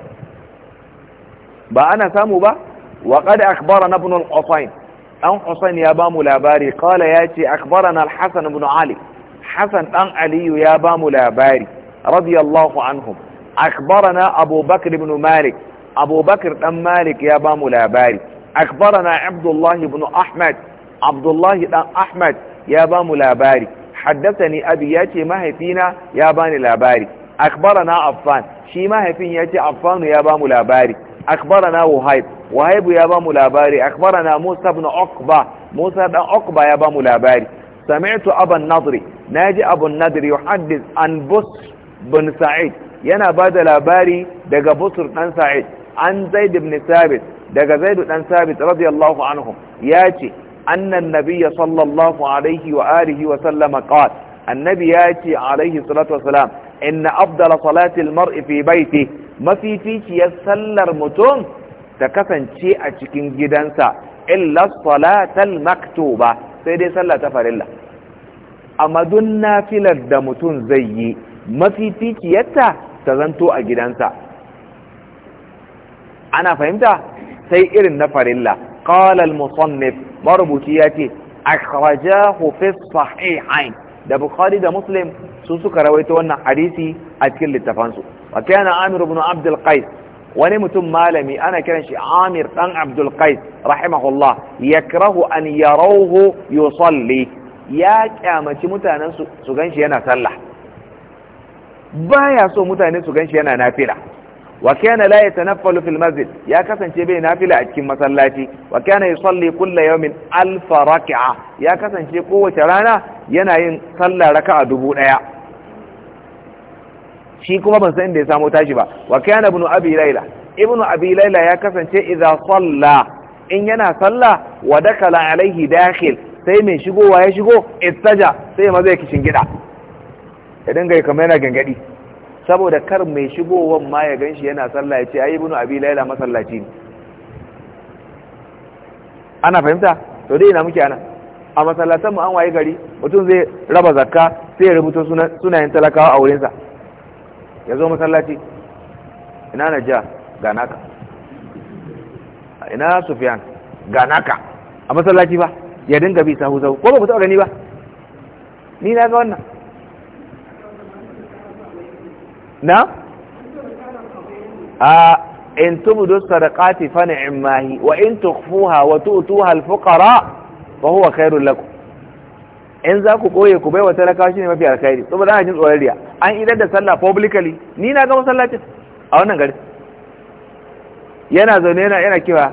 ba ana samu ba wa qad akhbarana ibn al qafain Ɗan Husayn ya bamu labari qala yace akhbarana al Hassan ibn Ali Hassan ɗan Aliyu ya bamu labari radiyallahu anhum akhbarana Abu Bakr ibn Malik Abu Bakr ɗan Malik ya bamu labari akhbarana Abdullah ibn Ahmad Abdullah ɗan Ahmad ya bamu labari haddasa haddathani abi yace mahaifina ya bani labari akhbarana Affan shi mahaifin ce affanu ya bamu labari akhbarana wuhaib wahaibu ya ba mu labari akbarana musa ibn uqba musa dan uqba ya ba mu labari sami'tu aban nadri naji abun nadri yuhaddith an bus bin sa'id yana ba da labari daga busur dan sa'id an zaid ibn sabit daga zaid dan sabit radiyallahu anhum yace annan nabiyya sallallahu alaihi wa alihi wa sallama qala annabi yace alaihi salatu wassalam inna afdala salati almar'i fi baiti mafificiyar sallar mutum ta kasance a cikin gidansa illa salatal maktuba sai dai sallah ta farilla amma duk nafilar da mutum zai yi mafificiyarta ta zanto a gidansa ana fahimta sai irin na farilla qala al-musannif marubuci yace akhrajahu fi sahihain da bukhari da muslim su suka rawaito wannan hadisi a cikin littafansu wa kana amir ibn abd al-qais wani mutum malami ana kiran shi amir dan abdul qais rahimahullah yakrahu an yarawhu yusalli ya kyamaci mutanen su ganshi yana sallah baya so mutane su ganshi yana nafila wa kana la yatanaffalu fil masjid ya kasance bai nafila a cikin masallaci wa kana yusalli kullu yawmin alf ya kasance kowace rana yana yin sallah raka'a dubu daya shi kuma ban san inda ya samo tashi ba wa kana ibn abi laila ibn abi laila ya kasance idza salla in yana salla wa dakala alaihi dakhil sai mai shigowa ya shigo istaja sai ma zai kishin gida ya dinga yi kamar yana gangadi saboda kar mai shigowan ma ya ganshi yana salla ya ce ai ibn abi laila masallaci ne ana fahimta to dai ina muke ana a masallatanmu an waye gari mutum zai raba zakka sai ya rubuta sunayen talakawa a wurinsa ya zo masallaci ina najja ga naka ina sufyan ga naka a masallaci ba ya dinga bi sahu sahu ko ba ku taɓa gani ba ni na ga wannan na a in tubdu sadaqati fa ni'mahi wa in tukhfuha wa tu'tuha al-fuqara fa huwa khairul lakum in za ku ɓoye ku bai wa talaka shi ne mafi alkhairi saboda ana jin tsoron riya an idar da sallah publicly ni na ga masallacin a wannan gari yana zaune yana yana kiwa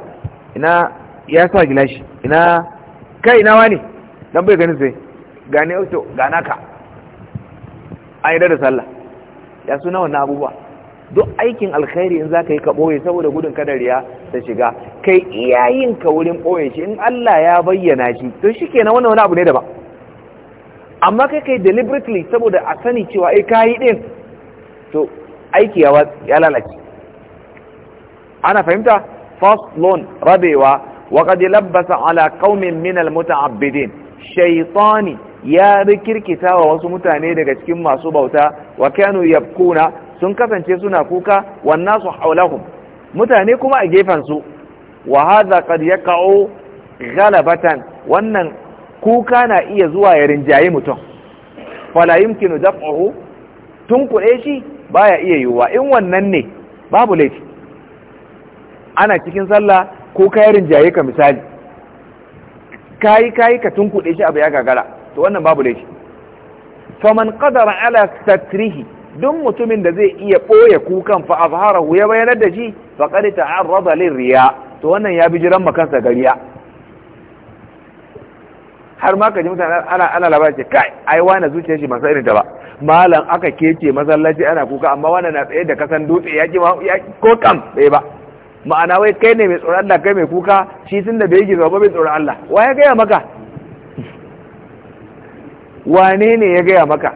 ina ya sa gilashi ina kai ina wani dan bai ganin sai gane to gana ka an idar da sallah ya suna wannan abubuwa duk aikin alkhairi in za ka yi ka ɓoye saboda gudun kada riya ta shiga kai iyayinka yin ka wurin ɓoye shi in Allah ya bayyana shi to shi kenan wannan wani abu ne daban amma kai kai deliberately saboda a sani cewa eh kayi din to aiki ya lalace ana fahimta first loan rabewa wa qad labbasa ala qaumin min al muta'abbidin shaytani ya rikirkita wa wasu mutane daga cikin masu bauta wa kanu yabkuna sun kasance suna kuka wan nasu hawlahum mutane kuma a gefan su wa hadha qad yaqa'u ghalabatan wannan kuka na iya zuwa ya rinjaye mutum fala yumkinu daf'uhu tunkuɗe shi baya iya yiwuwa in wannan ne babu laifi ana cikin sallah ko ka ya rinjaye ka misali kayi kayi ka tunkuɗe shi abu ya gagara to wannan babu laifi faman qadara ala satrihi duk mutumin da zai iya ɓoye kukan fa azharahu ya bayyana da shi faqad ta'arrada lirriya to wannan ya bi jiran makansa gariya har ma ka ji mutane ana ana labari ce kai ai wani zuciya shi masu irin ta ba malam aka kece masallaci ana kuka amma wani na tsaye da kasan dutse ya ji ko kam bai ba ma'ana wai kai ne mai tsoron Allah kai mai kuka shi tun da bai gizo ba bai tsoron Allah wa ya gaya maka <laughs> wane ne ya gaya maka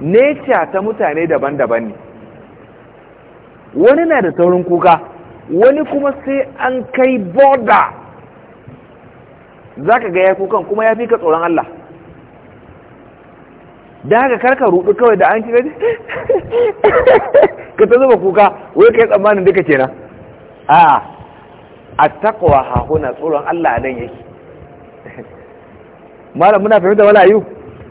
nature ta mutane daban-daban ne wani na da saurin kuka wani kuma sai an kai border za ka ga ya kukan kuma ya fi ka tsoron Allah da haka karka rudu kawai da an kira gaji <laughs> ka ta zuba kuka wai kai tsammanin duka kenan a a takwa na tsoron Allah a nan yake <laughs> malam muna fahimta wala yu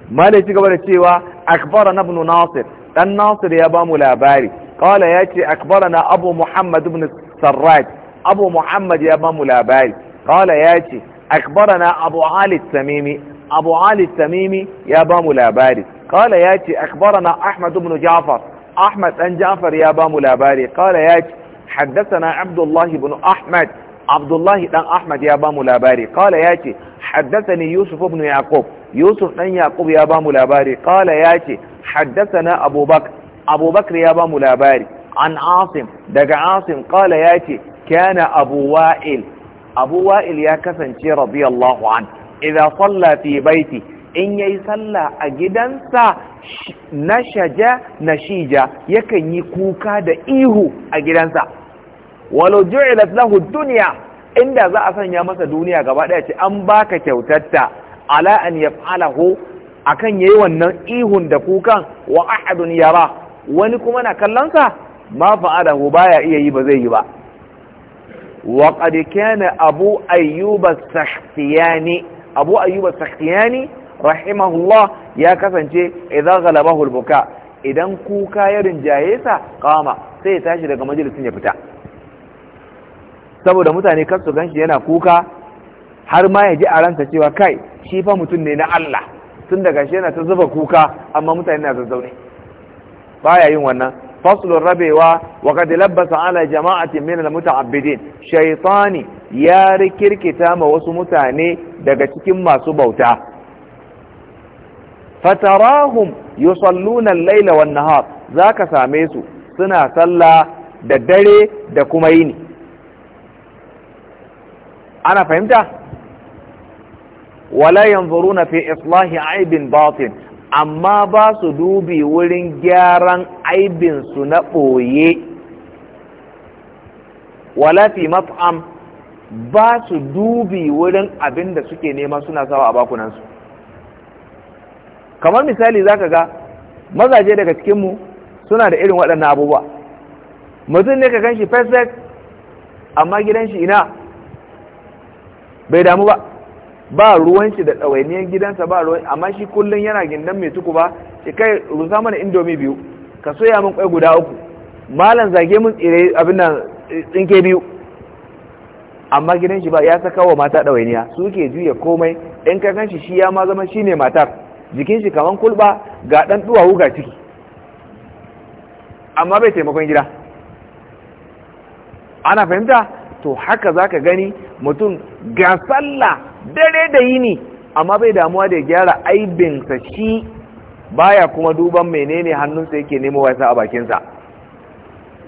malam ci gaba da cewa akbara na ibn nasir dan nasir ya ba mu labari kawala ya ce akbara na abu muhammad ibn sarraj abu muhammad ya ba mu labari kawala ya ce أخبرنا أبو علي التميمي أبو علي التميمي يا بام لاباري قال ياتي أخبرنا أحمد بن جعفر أحمد بن جعفر يا بام لاباري قال ياتي حدثنا عبد الله بن أحمد عبد الله بن أحمد يا بام لاباري قال ياتي حدثني يوسف بن يعقوب يوسف بن يعقوب يا بام لاباري قال ياتي حدثنا أبو بكر أبو بكر يا بام لاباري عن عاصم دق عاصم قال ياتي كان أبو وائل abu wa'il ya kasance radiyallahu an idza salla fi baiti in ya yi salla a gidansa na shaja na shija yakan yi kuka da ihu a gidansa walau ju'ilat lahu duniya inda za a sanya masa duniya gaba daya ce an baka kyautatta ala an yaf'alahu akan yayi wannan ihun da kukan wa ahadun yara wani kuma na kallonsa ma fa'alahu baya iya yi ba zai yi ba وقد كان أبو أيوب السختياني أبو أيوب السختياني رحمه الله يا idan إذا غلبه البكاء إذا كوكا يرن جايسا قام daga لك ya fita saboda mutane kasu su ganshi yana kuka har ma ya ji a ransa cewa kai shi fa mutum ne na Allah tun daga shi yana ta zuba kuka amma mutane na zazzaune baya yin wannan فصل الربيوة وقد لبس على جماعة من المتعبدين شيطاني يا ركر كتام وسمتاني دقتك ما سبوتا فتراهم يصلون الليل والنهار ذاك ساميسو سنة صلى ددري دكميني أنا فهمتها ولا ينظرون في إصلاح عيب باطن amma ba su dubi wurin gyaran aibinsu na ɓoye walafi maf'am ba su dubi wurin abin da suke nema suna sawa a bakunansu kamar misali za ka ga mazaje daga cikinmu suna da irin waɗannan abubuwa mutum ne ka gan shi fesek amma gidan shi ina bai damu ba ba ruwan shi da ɗawainiyar gidansa ba ruwan amma shi kullum yana gindan mai tuku ba shi kai rusa mana indomi biyu ka soya min kwai guda uku malam zage mun tsire abin da tsinke biyu amma gidan shi ba ya saka wa mata ɗawainiya suke juya komai in ka shi ya ma zama shi ne matar jikin shi kamar kulba ga ɗan duwawu ga ciki amma bai taimakon gida ana fahimta to haka zaka gani mutum ga sallah dare da yini amma bai damuwa da gyara aibinsa shi baya kuma duban menene hannunsa yake nemo wasa a bakinsa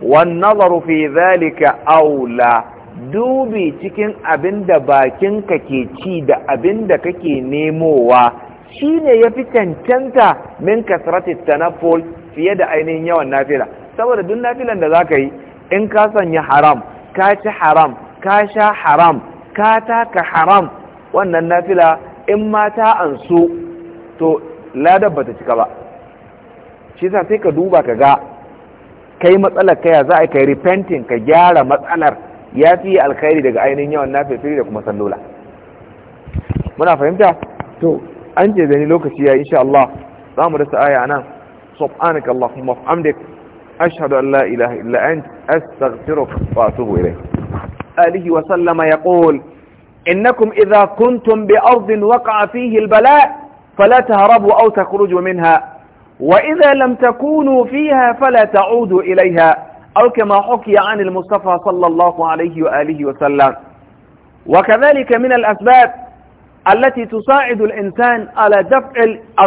Wannan fi zalika aula dubi cikin abinda bakinka ke ci da abinda kake nemowa shine yafi cancanta min kasrati tanafful fiye da ainihin yawan nafila saboda duk nafilan da zaka yi in ka sanya haram ka ci haram ka sha haram ka taka haram wannan nafila in mata ta ansu to ladar ba ta cika ba shi sa sai ka duba ka ga kai matsalar kaya za a kai repenting ka gyara matsalar ya fi alkhairi daga ainihin yawan nafilfili da kuma sallola muna fahimta to an ce zani lokaci ya insha Allah za mu rasa aya nan subhanaka allahumma wa bihamdik ashhadu an la ilaha illa ant astaghfiruka wa atubu ilayk alihi wa sallama yaqul إنكم إذا كنتم بأرض وقع فيه البلاء فلا تهربوا أو تخرجوا منها وإذا لم تكونوا فيها فلا تعودوا إليها أو كما حكي عن المصطفى صلى الله عليه وآله وسلم وكذلك من الأسباب التي تساعد الإنسان على دفع